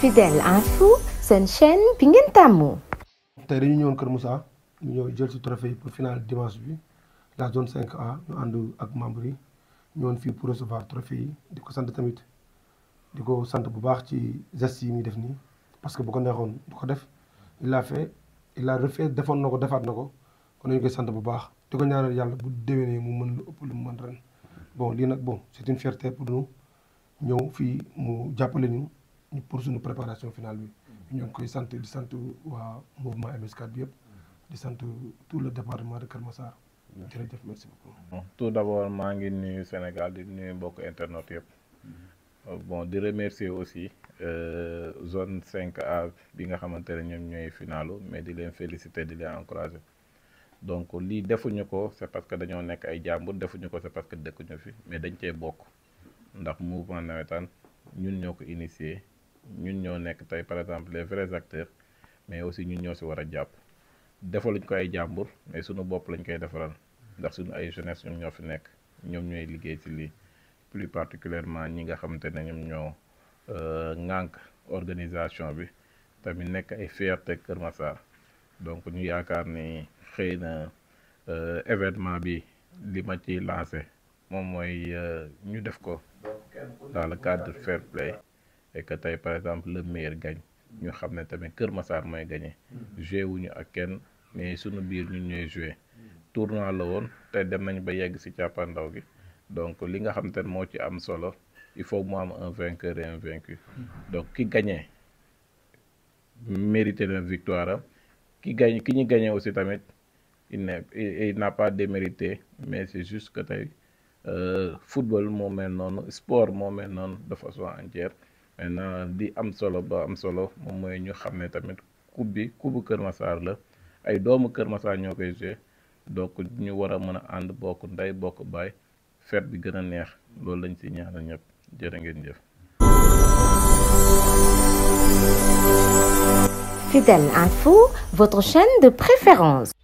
Fidel Info seen chaîne bi ngeen tàmmu. dañu ñëwoon Kër Moussa ñu ñëw jël ci trophée pour finale dimanche bi la zone 5A ñu andu ak membre yi ñëwoon fii pour recevoir trophée yi di ko sant tamit di ko sant bu baax ci geste yi muy def nii parce que bu ko neexoon du ko def il a fait il a refait defoon na ko defaat na ko kon nañu koy sant bu baax di ko ñaanal yàlla bu déwénee mu mën lu ëpp lu mu mën ren bon lii nag bon c'est une fierté pour nous ñëw fii mu jàppale ñu pour suñu préparation finale bi ñoo santé koy di mouvement MS4 bi yëpp di sant tout le département de Kër Massar jërëjëf merci beaucoup tout d'abord ma ngi nuyu Sénégal di nuyu bokk internet yëpp euh, bon di remercier aussi euh, zone 5A bi nga xamante ñom ñoy finalu mais di leen féliciter di leen encourager donc li defuñu ko c'est parce que dañu nekk ay jambour defuñu ko c'est parce que dëkkuñu fi mais dañ cey bokk ndax mouvement nawetaan ñun ñoko initier initié ñun ñoo nekk tey par exemple les vrais acteurs mais aussi ñun ñoo si war a jàpp defaluñ ko ay jàmbur mais suñu bopp lañ koy defaral ndax suñu ay jeunesse ñoom ñoo fi nekk ñoom ñooy liggéey ci lii plus particulièrement ñi nga xamante ne ñoom ñoo euh, ŋànk organisation bi tamit nekk ay fierté Kër Massar donc ñu yaakaar ni xëy na euh, événement bi li ma ci lancé moom mooy euh, ñu def ko dans le cadre fair play et que tay par exemple le maire gagne ñu xamné tamit Kër Massar moy gagné. Mm-hmm. joué wuñu ak kenn mais suñu biir ñu ñooy jouer mm-hmm. tournoi la woon te dem nañ ba yegg ci ciapandaw gi donc li nga xam te ne ci am solo il faut mu am un vainqueur et un vaincu mm-hmm. donc ki gagné mérité la victoire Qui gagne, qui ki gagné aussi tamit il il n'a pas démérité mais c'est juste que euh, football mo mel non sport moo mel noonu de façon entière maintenant di am solo ba am solo moom mooy ñu xam ne tamit coupe bi coupe Kër Massar la ay doomu Kër Massar ñoo koy joué donc ñu war a mën a ànd bokk ndey bokk baay fet bi gën a neex loolu lañ ci ñaanal ñëpp jërë ngeen jëf.